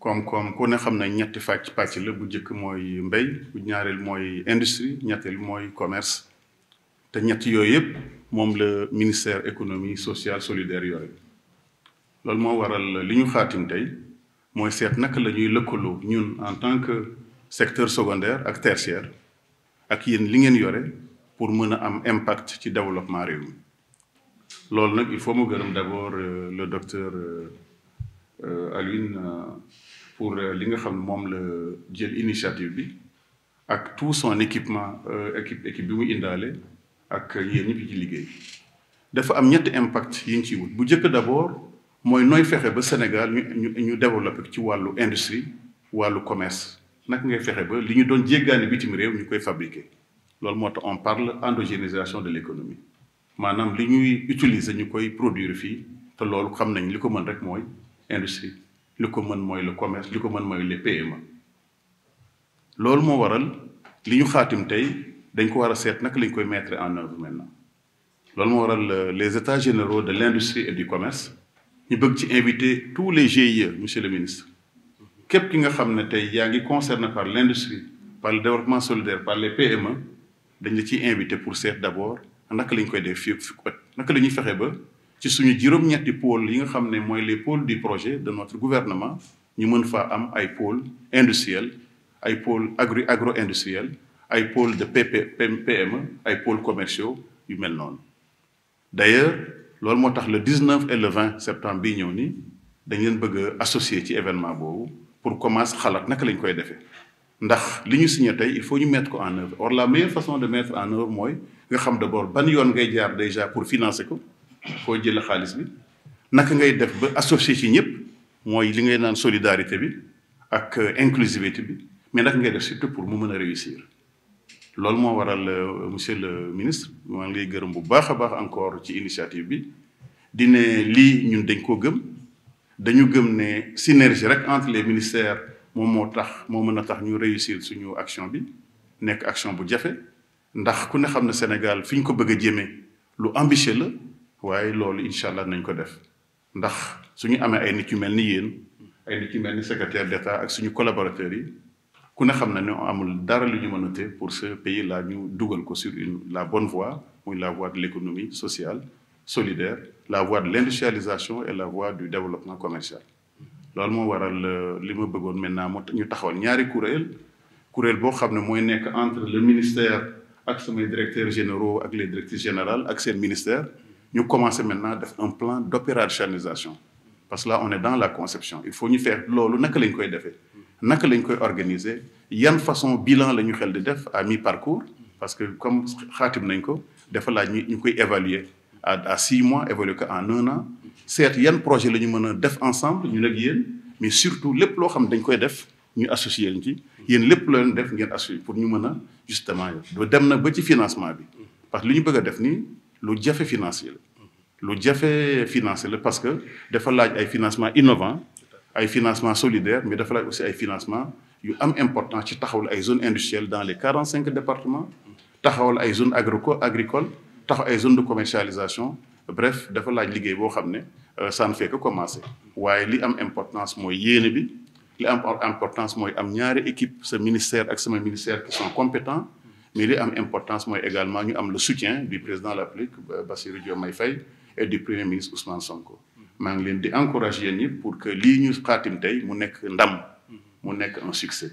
koom-koom ku ne xam na ñetti fàcc pàcc la bu njëkk mooy mbéy bu ñaareel mooy industrie ñetteel mooy commerce te ñett yooyu yëpp moom la ministère économie sociale solidaire yore loolu moo waral li ñu xaatim tey mooy seet naka la ñuy lëkkaloo ñun en tant que secteur secondaire ak tertiaire ak yéen li ngeen yore pour mën a am impact ci développement réew mi loolu nag il faut mu gërëm d'abord euh, le docteur euh, Alioune euh, euh, pour euh, li nga xam ne moom la jël initiative bi ak tout son équipement équipe équipe bi mu indaale ak yéen ñi ci liggéey dafa am ñetti impact yi ñu ciy wut bu njëkk d'abord mooy nooy fexe ba Sénégal ñu ñu développé ci wàllu industrie wàllu commerce naka ngay fexe ba li ñu doon jéggaani bitim réew ñu koy fabriquer loolu moo tax on parle endogénéisation de l'économie maanaam li ñuy utiliser ñu koy produire fii te loolu xam nañ li ko mën rek mooy industrie li ko mën le commerce li ko mën les PME loolu moo waral li ñu xaatim tey dañ ko war a seet naka koy mettre en œuvre maintenant loolu moo waral euh, les états généraux de l'industrie et du commerce ñu bëgg ci inviter tous les GIE monsieur le ministre képp ki nga xam ne tey par l'industrie, par le développement solidaire par les PME dañ la ciy invité pour seet d'abord abord naka lañ koy def fii naka la ñuy fexe ba ci suñu juróom-ñetti pôle yi nga les pôles du projet de notre gouvernement ñu mën faa am ay pôle industriel ay agro industriel ay pôles de PME ay pôles commerciaux yu d'ailleurs le 19 et le 20 septembre nous ñëw nii dañ ci événement pour commencer à naka lañ koy defee ndax li ñu signé il faut ñu mettre en œuvre or la meilleure façon de mettre en œuvre c'est nga xam d'abord ban yoon ngay jaar déjà pour financer foo jël xaalis bi naka ngay def ba associé ci ñëpp mooy li ngay naan solidarité bi ak euh, inclusivité bi mais naka ngay def surtout pour mu mën a réussir loolu moo waral euh, monsieur le ministre maa ngi lay gërëm bu baax a baax encore ci initiative bi di ne lii ñun dañ koo gëm dañu gëm ne synergie rek entre les ministères moom moo tax moo mën a tax ñu réussir suñu action bi nekk action bu jafe ndax ku ne xam ne Sénégal fi ñu ko bëgg a jëmee lu ambitieux la waaye loolu incha allah nañ ko def ndax suñu amee ay nit yu mel ni yéen ay nit yu mel ni secrétaire d'État ak suñu collaborateurs yi ku ne xam na ne amul dara lu ñu mën pour ce pays là ñu dugal ko sur une la bonne voie muy la voie de l'économie sociale solidaire la voie de l'industrialisation et la voie du développement commercial loolu moo waral euh, li ma bëggoon maintenant mu ñu taxawal ñaari kuréel kuréel boo xam ne mooy nekk entre le ministère ak samay directeurs généraux ak les directrices générales ak seen ministère nous commençons maintenant à faire un plan d'opérationnalisation. Parce que là, on est dans la conception. Il faut nous faire fait. nous avons organisé. Il y a une façon bilan faire nous xel à mi parcours parce que comme je nañ ko nous nous avons évaluer à à six mois évaluer en un an il y projet que nous avons fait ensemble Nous mais surtout nous loo xam dañ koy def les associer leen Il y a pour nous mën un justement dem na ba financement parce que nous avons bëgg le jafe financier, le lu financier parce que y laaj ay financement innovant ay financement solidaire mais dafa laaj aussi ay financement yu am important ci taxawal ay zones industrielles dans les 45 départements taxawal ay zones agrico agricole taxaw ay zones de commercialisation bref dafa laaj liggéey boo xam ne euh, ça ne fait que commencer waaye li am importance mooy yéene bi li am importance mooy am ñaari équipe ce ministère ak sama ministère qui sont compétents mais a une importance également ñu am le soutien du président de la République Bassirou Diomaye Faye et du premier ministre Ousmane Sonko. Je ngi encourager pour que lii ñu xaatim tey mu nekk un succès.